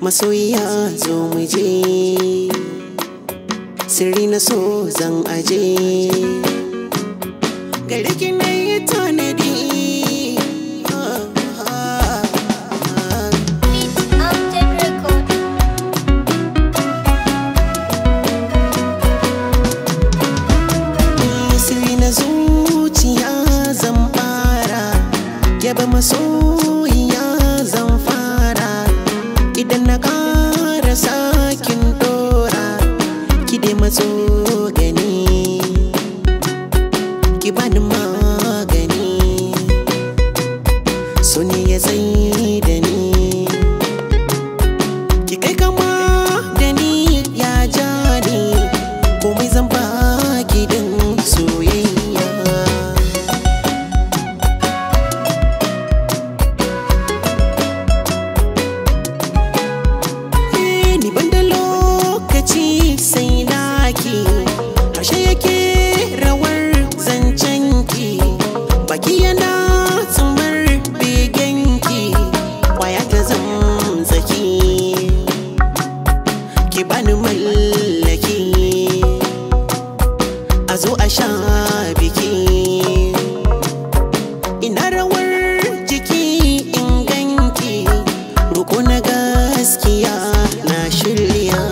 masoyiya zo mu je sirri na so zan aje gare ki na yi tanadi zuciya zan fara yaba masoyi matso gani ki bani magani sun ne ya tsayi da zo a sha biki ina rawar jiki in ganki roko na gaskiya na shirya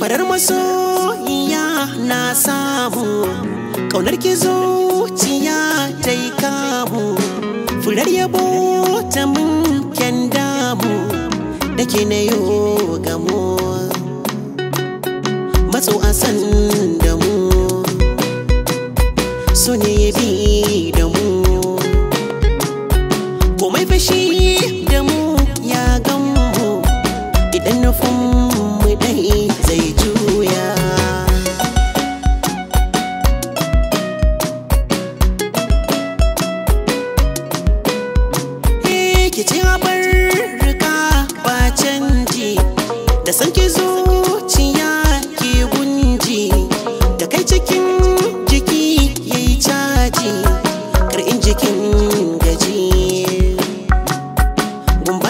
farar masoyiya na samu ƙaunar ki zuciya ta yi kamu furar yabo ta mun nake na yo mu matso a san da mu so ne ya bi da mu komai fashi da mu ya mu idan na fun mu dai zai juya up eh,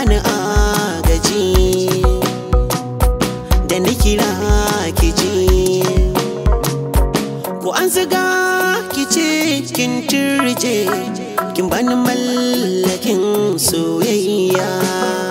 bani agaji da na kira kiji ko an ziga kice kin turje kin bani mallakin soyayya